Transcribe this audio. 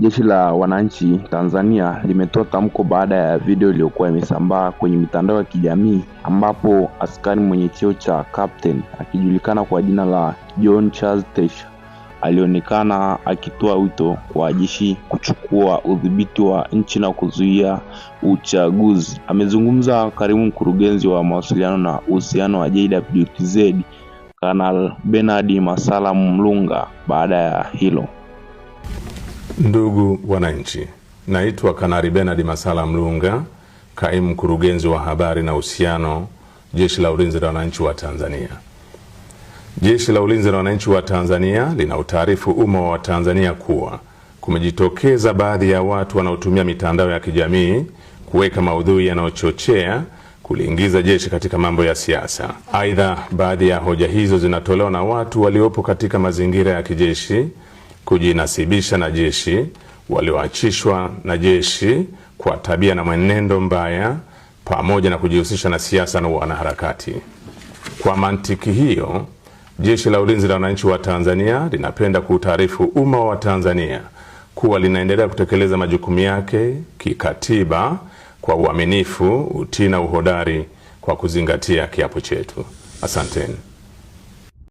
Jeshi la Wananchi Tanzania limetoa tamko baada ya video iliyokuwa imesambaa kwenye mitandao ya kijamii ambapo askari mwenye cheo cha captain akijulikana kwa jina la John Charles Tesh alionekana akitoa wito kwa jeshi kuchukua udhibiti wa nchi na kuzuia uchaguzi. Amezungumza karibu mkurugenzi wa mawasiliano na uhusiano wa JWTZ Kanal Bernard Masala Mlunga baada ya hilo. Ndugu wananchi, naitwa kanari Benard Masala Mlunga, kaimu mkurugenzi wa habari na uhusiano, Jeshi la Ulinzi la Wananchi wa Tanzania. Jeshi la Ulinzi la Wananchi wa Tanzania lina utaarifu umma wa Tanzania kuwa kumejitokeza baadhi ya watu wanaotumia mitandao ya kijamii kuweka maudhui yanayochochea kuliingiza jeshi katika mambo ya siasa. Aidha, baadhi ya hoja hizo zinatolewa na watu waliopo katika mazingira ya kijeshi kujinasibisha na jeshi, walioachishwa na jeshi kwa tabia na mwenendo mbaya, pamoja na kujihusisha na siasa na wanaharakati. Kwa mantiki hiyo, Jeshi la Ulinzi la Wananchi wa Tanzania linapenda kuutaarifu umma wa Tanzania kuwa linaendelea kutekeleza majukumu yake kikatiba kwa uaminifu, utii na uhodari kwa kuzingatia kiapo chetu. Asanteni.